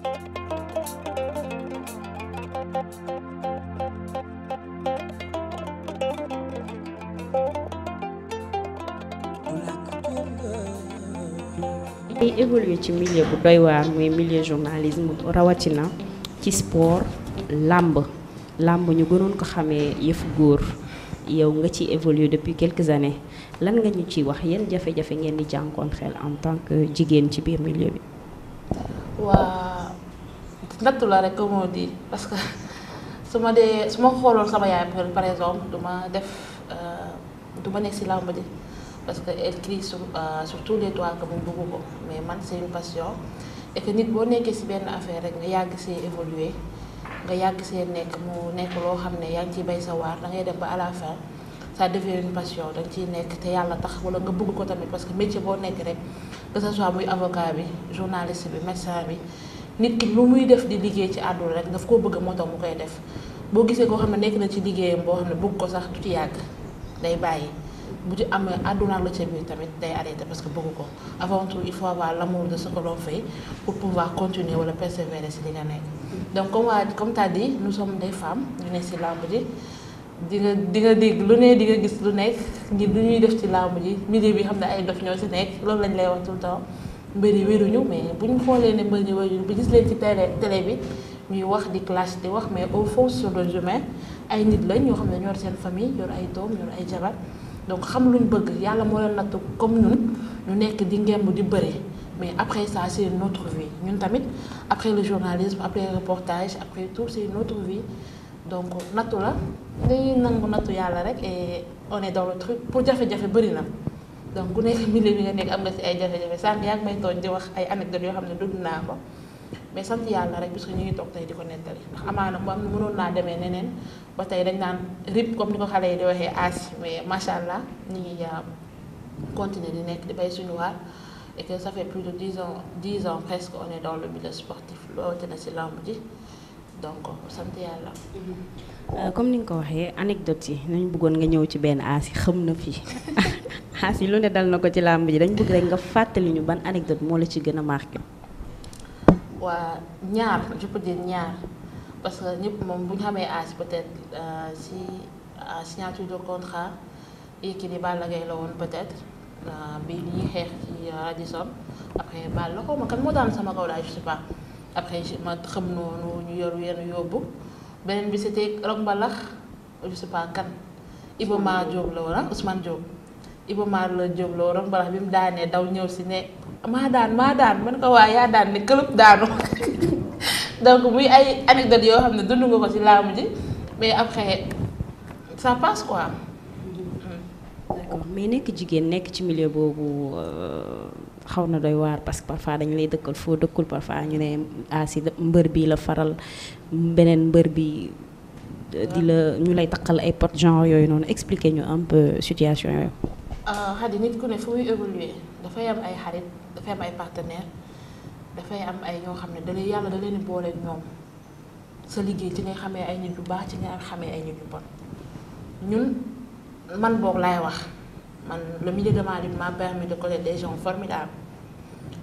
J'ai évolué ci milieu du milieu journalisme rawatina sport l'âme, l'âme, nous ko évolué depuis quelques années lan nga ci wax en tant que femme ci milieu bi nattu la rek comme on dit parce que su ma dee su ma xooloon sama yaay par exemple du ma def euh, du ma nekk si làmb di parce que elle crie sur euh, sur tous les toits que ko mais man c'est une et que nit boo nekkee si benn affaire rek nga yàgg see évoluer nga yàgg see nekk mu nekk loo xam ne yaa ngi ciy bay sa waar da ngay dem ba à la fin ça devient une passion da nga ciy nekk te yàlla tax wala nga bëgg ko tamit parce que métier boo nekk rek que ce soit muy avocat bi journaliste bi médecin bi. nit ki lu muy def di liggéey ci àdduna rek daf koo bëgg moo tax mu koy def boo gisee koo xam ne nekk na ci liggéeyam boo xam ne bëgg ko sax du ci yàgg day bàyyi bu ci amee àdduna la ca biir tamit day arrêté parce que bëgg ko avant tout il faut avoir l'amour de ce que l'on fait pour pouvoir continuer wala persévérer si li nga nekk. donc comme waa comme as dit nous sommes des femmes ñu ne si làmb ji di nga di nga dégg lu ne di nga gis lu nekk ngir lu ñuy def ci làmb ji milieu bi xam ne ay dof ñoo si nekk loolu lañ lay wax tout le temps mbëri wéruñu mais buñ ñu xoolee ne mbëri wéruñu bu gis leen ci télé télé bi ñuy wax di clash di wax mais au fond sur le chemin ay nit la ñoo xam ne ñoo seen famille yor ay doom yor ay jabar donc xam luñ bëgg yàlla moo leen natt comme ñun ñu nekk di ngemb di bëre mais après ça c'est une autre vie ñun tamit après le journalisme après le reportage après tout c'est une autre vie donc nattu la dañuy nangu nattu yàlla rek et on est dans le truc pour jafe-jafe bëri na. donc ku nekk milieu bi nga nekk am nga si ay jafe-jafe sànq yaa ngi may tooñ di wax ay anecdote yoo xam ne dund naa ko mais sant yàlla rek parce que ñu ngi toog tey di ko nettali ndax amaana mu am mënoon naa demee neneen ba tey dañ naan rip comme ni ko xale yi di waxee aas mais macha allah ñu ngi euh, continuer di nekk di bay suñu waar et que ça fait plus de dix ans dix ans presque on est dans le milieu sportif loolu na si lamb ji. donc sant yàlla. Euh, comme ni nga ko waxee anecdote yi nañu bëggoon nga ñëw ci benn aas yi xam na fii aas yi lu ne dal na ko ci làmb ji dañ bëgg rek nga fàttali ñu ban anecdote moo la ci gën a marqué. waa ñaar je peux ñaar parce que ñëpp moom bu ñu xamee aas peut-être euh, si euh, signature de contrat Yékini Balla Gaye la woon peut-être bi ñuy xeex ci Radisson après Balla xaw ma kan moo daan sama kaw laa je sais après ma xam noonu ñu yor yenn yóbbu beneen bi c'était Rock je sais pas kan Iba Mar Diop la ah, Ousmane Diop Iba Mar la Diop la woon bim Mbalax bi mu daanee daw ñëw si ne maa daan maa daan man ko waa yaa daan ne këlëb daanu donc muy ay anecdote yo xam ne dund nga ko ci laamu mais après ça passe quoi d'accord mais nekk jigéen nekk ci milieu boobu euh, xaw na doy waar parce que parfois dañ lay dëkkal foo dëkkul parfois ñu ne aasi ah, mbër bi la faral benen mbër bi euh, di la ñu lay takkal ay pot genre yooyu noonu expliquer ñu un peu situation euh, nit fu am ay xarit am ay partenaire dafay am ay ñoo xam da lay yàlla da leen boole ñoom sa liggéey ci ngay xamee ay nit baax ci ngay ay nit bon ñun man bok lay wax man le milieu de Malick m'a permis de connaître des gens formidables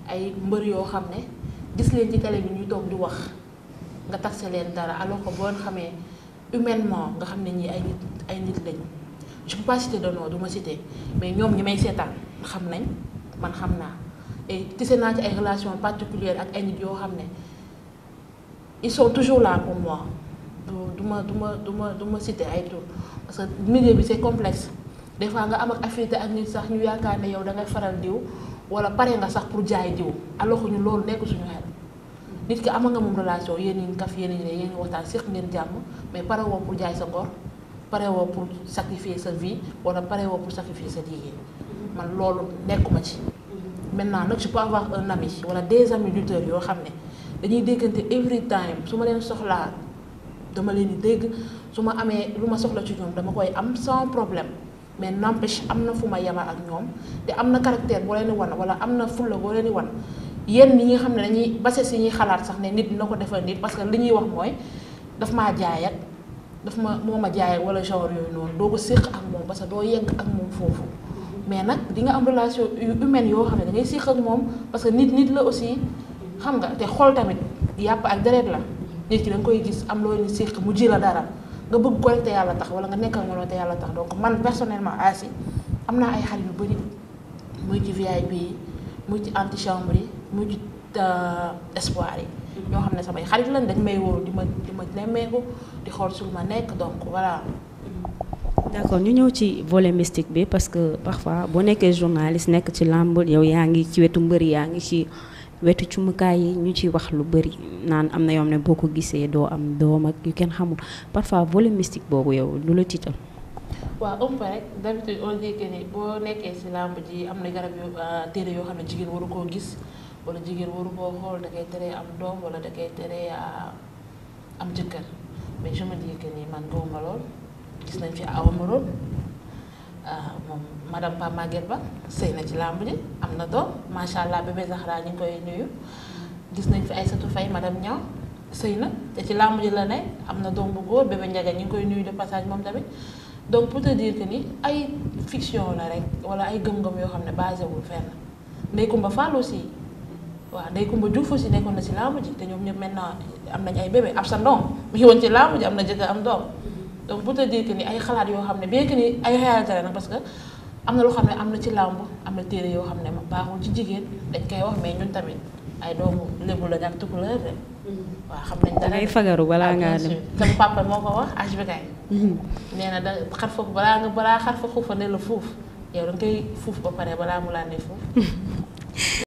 ay mbeur yo xamné gis leen ci télé bi ñuy toog di wax nga taxe leen dara alors que boo xamee humainement nga xamné ñi ay nit ay nit lañ je peux pas citer de nom duma citer mais ñom ñi may seetaan xam nañ man xam na et tissé na ci ay relations particulières ak ay nit yo xamné ils sont toujours là pour moi du ay parce que milieu bi c'est complexe des fois nga am ak affinité ak nit sax ñu yow da faral wala nga sax pour jaay alors ñu suñu nit ki nga relation tu ne waxtaan ngeen mais pour jaay sa des pour sacrifier sa vie wala as pour sacrifier sa man ci maintenant tu peux avoir un ami wala des amis lutteurs yoo dañuy every time su ma dama leen di dégg su ma amee lu ma soxla ci ñoom dama koy am sans problème mais n'empêche am na fu ma yema ak ñoom te am na caractère boo leen di wan wala am na fulla boo leen di wan yéen ñi nga xam ne dañuy base si ñuy xalaat sax ne nit dina ko defal nit parce que li wax mooy daf maa jaay ak ma moo ma jaay wala genre yooyu noonu doo ko séq ak moom parce que doo yegg ak moom foofu mm-hmm. mais nag di nga am relation humaine yoo xam ne da ngay ak moom parce que nit nit la aussi xam nga te xool tamit yàpp ak deret la nit ki da koy gis am loo ñu séq mu ji la dara nga bëgg ko te yàlla tax wala nga nekk ak moom te yàlla tax donc man personnellement Asi am naa ay xarit yu bëri muy ci VIP yi muy ci antichambre yi muy ci euh, espoir yi. ñoo xam ne samay xarit lañ dañ may woo di ma di ma nemmeeku di xool su ma nekk donc voilà. d'accord ñu ñëw ci volet mystique bi parce que parfois boo nekkee journaliste nekk ci làmb yow yaa ngi ci wetu mbëri yaa ngi ci. wetu cumukaay yi ñu ci wax lu bëri naan am na yoo ne boo ko gisee doo am doom ak yu kenn xamul parfois volet mystique boobu yow lu la tiital. waaw ëmb rek d'habitude on am na garab yu euh, téere yoo xam ne jigéen waru koo gis wala jigéen waru koo xool da koy teree am doom wala da koy teree euh, am jëkkër mais je me dis man góob gis nañ fi awa madame Pape Maguette Ba sëy na ci làmb ji am na doom macha allah bébé Zahra ñu ngi koy nuyu. gis nañ fi Aïssatou ma madame Niang sëy na te ci làmb ji la ne am na doom bu góor bébé Ndiaga ñu ngi koy nuyu de passage moom tamit. donc pour te ay fiction la rek wala ay gëm yoo xam ne basé wul fenn Ndeye Coumba Fall aussi waaw Ndeye Coumba Diouf aussi nekkoon na ci làmb ji te ñoom ñëpp maintenant am nañ ay bébé ab sa doom mu ngi na jëkkër am doom te dire que ni ay xalaat yoo xam ne bien que ni ay réalité la nag am na loo xam ne am na ci làmb am na téere yoo xam ne baaxul ci jigéen dañ koy wax mais ñun tamit ay doomu lébu la ak tukulóor de. Mm-hmm. waaw xam nañ dara fagaru balaa ah, ngaa dem sama papa moo ko wax HBK. Mm-hmm. nee na da xar foofu balaa nga balaa xar fa xuufa ne la fuuf yow da nga koy fuuf ba pare balaa mu laa ne fuuf.